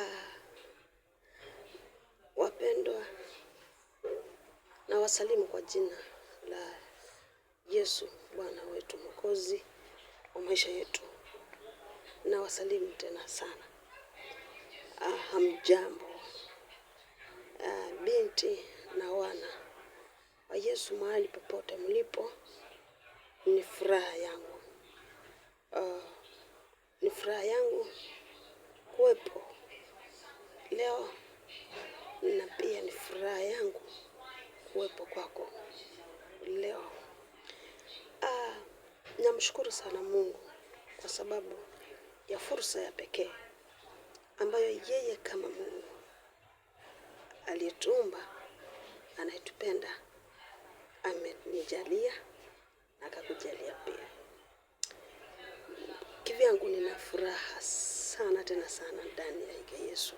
Ah. Wapendwa, na wasalimu kwa jina la Yesu Bwana wetu Mwokozi wa maisha yetu, na wasalimu tena sana. Ah, hamjambo ah, binti na wana wa Yesu, mahali popote mlipo, ni furaha yangu, ni furaha yangu namshukuru sana Mungu kwa sababu ya fursa ya pekee ambayo yeye kama Mungu aliyetuumba anayetupenda amenijalia na akakujalia pia. Kivyangu nina furaha sana tena sana ndani ya Yesu.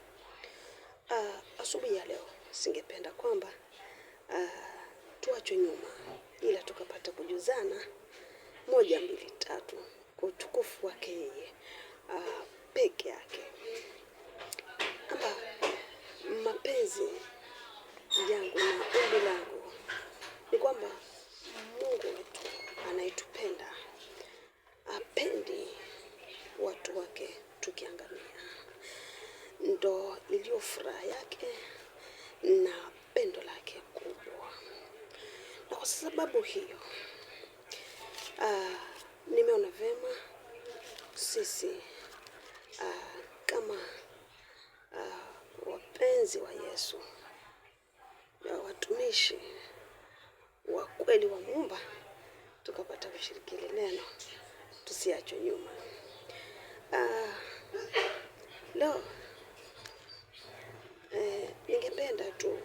Ah, asubuhi ya leo singependa kwamba ah, tuachwe nyuma, ila tukapata kujuzana moja mbili tatu, kwa utukufu wake yeye uh, peke yake, kwamba mapenzi yangu na ombi langu ni kwamba Mungu wetu anaitupenda, apendi watu wake tukiangamia. Ndo iliyo furaha yake na pendo lake kubwa, na kwa sababu hiyo Uh, nimeona vema sisi uh, kama uh, wapenzi wa Yesu na watumishi wa kweli wa Muumba tukapata kushiriki ile neno, tusiachwe nyuma. Uh, ah, leo eh, ningependa tu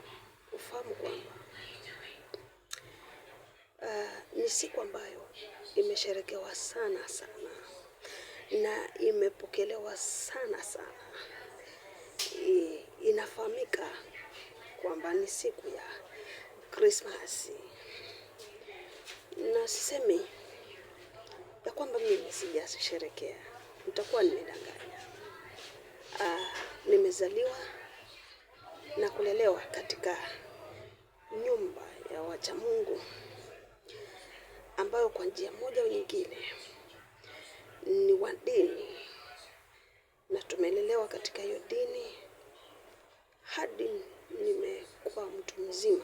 ufahamu kwamba uh, ni siku ambayo imesherekewa sana sana na imepokelewa sana sana. I, inafahamika kwamba ni siku ya Krismasi na sisemi ya kwamba mimi sijasherekea, nitakuwa nimedanganya. Ah, nimezaliwa na kulelewa katika nyumba ya wacha Mungu ambayo kwa njia moja au nyingine ni wa dini na tumelelewa katika hiyo dini hadi nimekuwa mtu mzima,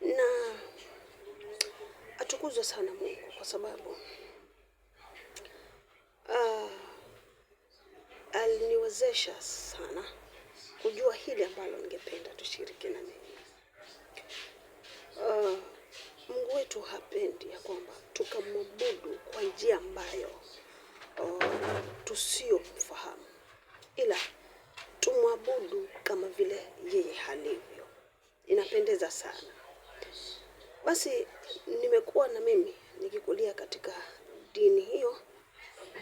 na atukuzwe sana Mungu kwa sababu uh, aliniwezesha sana kujua hili ambalo ningependa tushiriki na mimi uh, ah, wetu hapendi ya kwamba tukamwabudu kwa njia ambayo uh, tusiyomfahamu, ila tumwabudu kama vile yeye halivyo. Inapendeza sana. Basi nimekuwa na mimi nikikulia katika dini hiyo,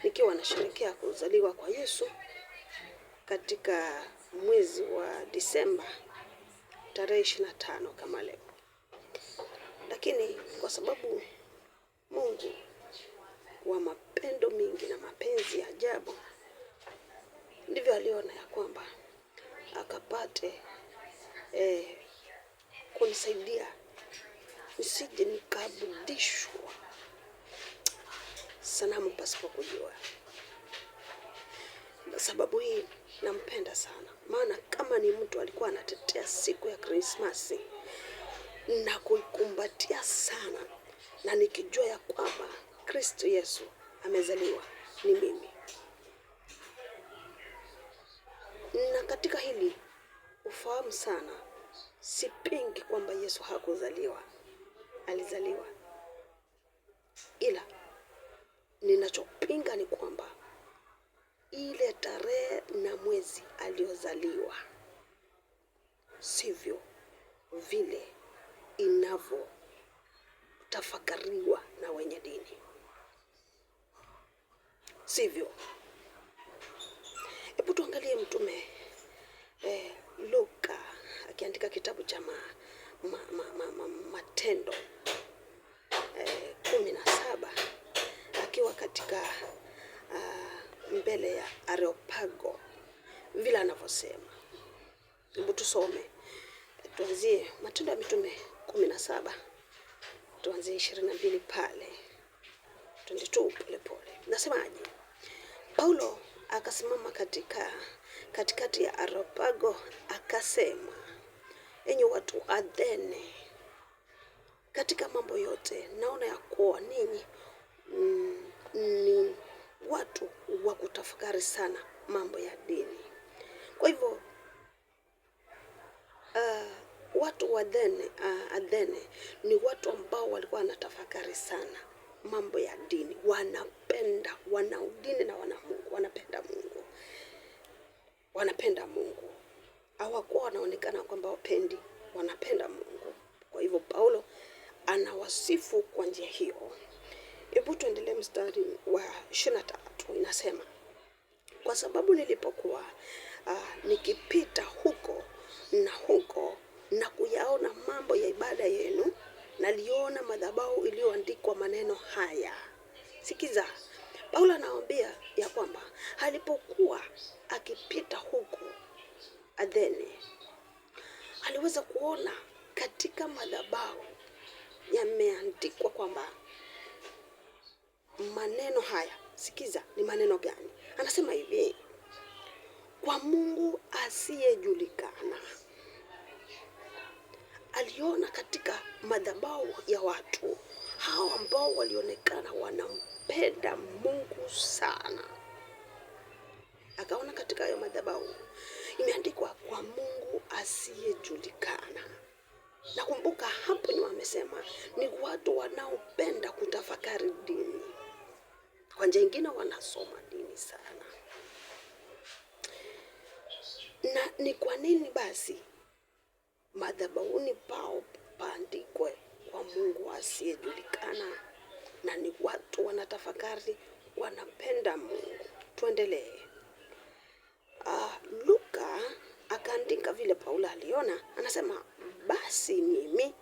nikiwa nasherekea kuzaliwa kwa Yesu katika mwezi wa Disemba tarehe 25 kama leo. Lakini kwa sababu Mungu wa mapendo mingi na mapenzi ya ajabu, ndivyo aliona ya kwamba akapate eh, kunisaidia nisije nikabudishwa sanamu pasipo kujua. Na sababu hii nampenda sana, maana kama ni mtu alikuwa anatetea siku ya Krismasi na kuikumbatia sana, na nikijua ya kwamba Kristo Yesu amezaliwa ni mimi. Na katika hili ufahamu sana, sipingi kwamba Yesu hakuzaliwa, alizaliwa, ila ninachopinga ni kwamba ile tarehe na mwezi aliyozaliwa sivyo vile inavyotafakariwa na wenye dini, sivyo? Hebu tuangalie mtume eh, Luka akiandika kitabu cha ma, ma, ma, ma, ma, Matendo eh, kumi na saba akiwa katika uh, mbele ya Areopago vile anavyosema. Hebu tusome tuanzie Matendo ya Mitume kumi na saba tuanzie ishirini na mbili pale 22 polepole. Nasemaje? Paulo akasimama katika katikati ya Areopago akasema, enyi watu Athene, katika mambo yote naona ya kuwa ninyi mm, ni watu wa kutafakari sana mambo ya dini. Kwa hivyo uh, Watu wa Athene uh, ni watu ambao walikuwa wanatafakari sana mambo ya dini, wanapenda wana udini na wana Mungu, wanapenda Mungu, wanapenda Mungu. Hawakuwa wanaonekana kwamba wapendi, wanapenda Mungu. Kwa hivyo Paulo anawasifu kwa njia hiyo. Hebu tuendelee mstari wa ishirini na tatu inasema kwa sababu nilipokuwa uh, nikipita huko na huko na kuyaona mambo ya ibada yenu, naliona madhabahu iliyoandikwa maneno haya. Sikiza, Paulo anawaambia ya kwamba alipokuwa akipita huku Athene aliweza kuona katika madhabahu yameandikwa kwamba maneno haya. Sikiza, ni maneno gani? Anasema hivi: kwa Mungu asiyejulikana aliona katika madhabahu ya watu hao ambao walionekana wanampenda Mungu sana, akaona katika hayo madhabahu imeandikwa kwa Mungu asiyejulikana. Nakumbuka hapo ni wamesema ni watu wanaopenda kutafakari dini, kwa njia ingine wanasoma dini sana. Na ni kwa nini basi madhabahuni pao paandikwe kwa Mungu asiyejulikana, na ni watu wanatafakari, wanapenda Mungu. Tuendelee. Uh, Luka akaandika vile Paulo aliona, anasema basi mimi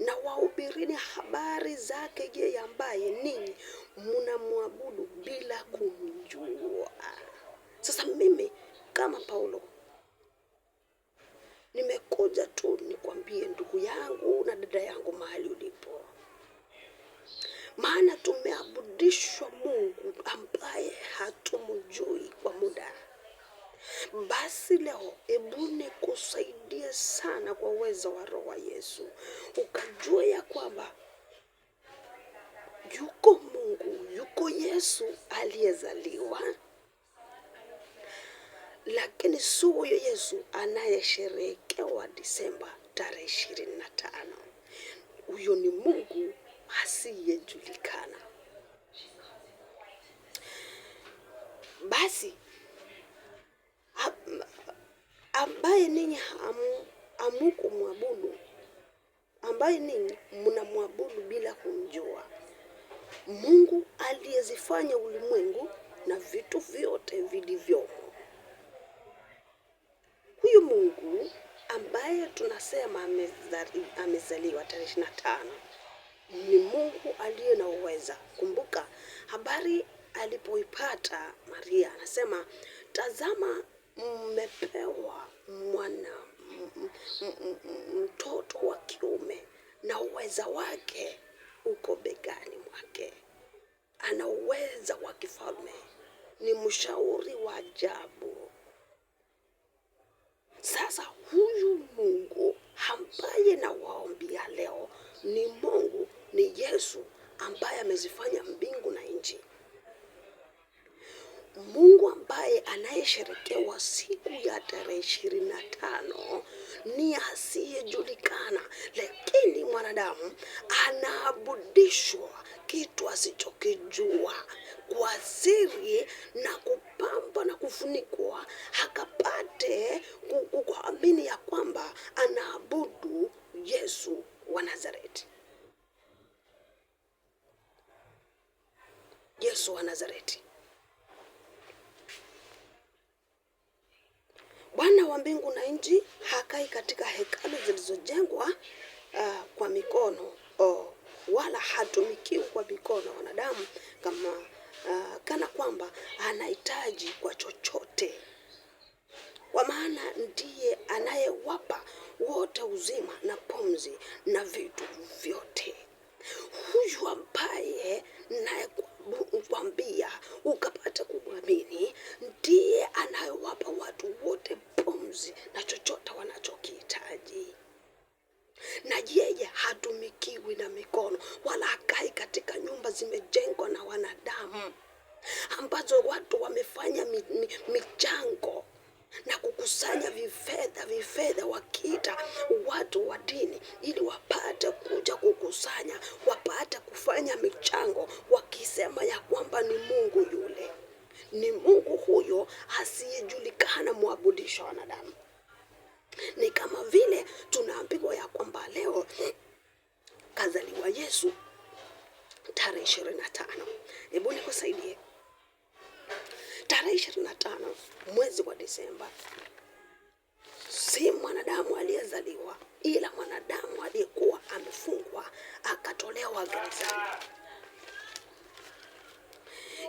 na wahubirini habari zake yeye ambaye ninyi mnamwabudu bila kumjua. Sasa mimi kama Paulo ngoja tu nikwambie ndugu yangu na dada yangu mahali ulipo, maana tumeabudishwa Mungu ambaye hatumjui kwa muda. Basi leo ebune kusaidia sana kwa uwezo wa Roho wa Yesu, ukajua ya kwamba yuko Mungu, yuko Yesu aliyezaliwa lakini si huyo Yesu anayesherehekewa Disemba tarehe ishirini na tano. Huyo ni Mungu asiyejulikana. Basi ambaye ninyi hamukumwabudu, ambaye ninyi mnamwabudu bila kumjua, Mungu aliyezifanya ulimwengu na vitu vyote vilivyomo huyu Mungu ambaye tunasema amezaliwa tarehe ishirini na tano ni Mungu aliye na uweza. Kumbuka habari alipoipata Maria, anasema tazama, mmepewa mwana mtoto wa kiume na uweza wake uko begani mwake. Ana uweza wa kifalme, ni mshauri wa ajabu sasa huyu Mungu ambaye nawaombia leo ni Mungu, ni Yesu ambaye amezifanya mbingu na nchi, Mungu ambaye anayesherekewa siku ya tarehe ishirini na tano ni asiyejulikana, lakini mwanadamu anaabudishwa kitu asichokijua kwa siri na kupamba na kufunikwa haka wote kuamini ya kwamba anaabudu Yesu wa Nazareti. Yesu wa Nazareti, Bwana wa mbingu na nchi, hakai katika hekalu zilizojengwa uh, kwa mikono oh, wala hatumikiwi kwa mikono wanadamu kama uh, kana kwamba anahitaji kwa chochote kwa maana ndiye anayewapa wote uzima na pumzi na vitu vyote. Huyu ambaye naye kuambia ukapata kumwamini, ndiye anayewapa watu wote pumzi na chochote wanachokihitaji na yeye hatumikiwi na mikono wala hakai katika nyumba zimejengwa na wanadamu ambazo watu wamefanya michango na kukusanya vifedha vifedha, wakiita watu wa dini ili wapate kuja kukusanya, wapate kufanya michango, wakisema ya kwamba ni Mungu yule, ni Mungu huyu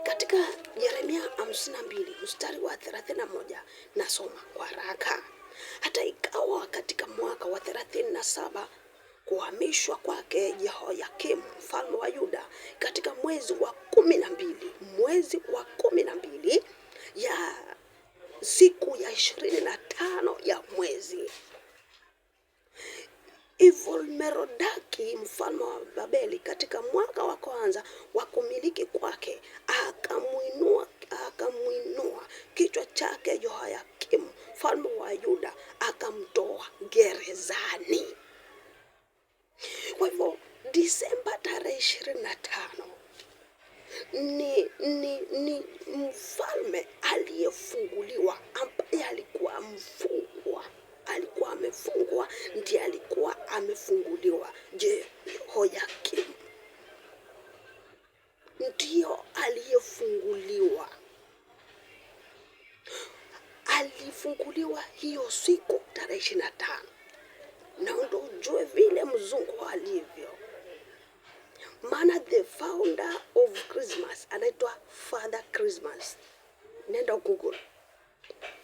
Katika Yeremia 52 mstari wa 31 nasoma kwa haraka. Hata ikawa katika mwaka wa 37 kuhamishwa kwake Yehoyakimu mfalme wa Yuda, katika mwezi wa kumi na mbili mwezi wa kumi na mbili ya siku ya ishirini na tano ya mwezi evil Merodaki mfalme wa Babeli katika mwaka wa kwanza wa kumiliki kwake, akamuinua akamuinua kichwa chake Yehoyakimu mfalme wa Yuda, akamtoa gerezani. Kwa hivyo Disemba tarehe ishirini na tano ni, ni, ni mfalme maana the founder of Christmas anaitwa Father Christmas. Nenda Google.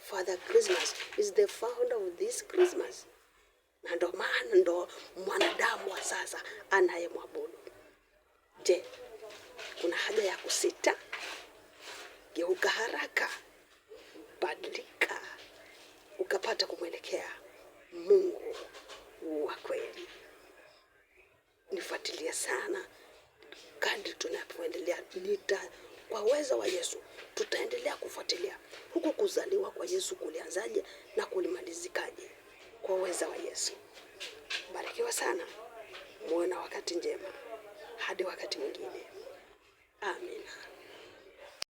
Father Christmas is the founder of this Christmas, na ndo maana ndo mwanadamu wa sasa anayemwabudu. Je, kuna haja ya kusita? Geuka haraka, badilika, ukapata kumwelekea Mungu wa kweli. nifuatilia sana lita, kwa uwezo wa Yesu tutaendelea kufuatilia huku kuzaliwa kwa Yesu kulianzaje na kulimalizikaje kwa uwezo wa Yesu. Barikiwa sana, muwe na wakati njema hadi wakati mwingine, amina.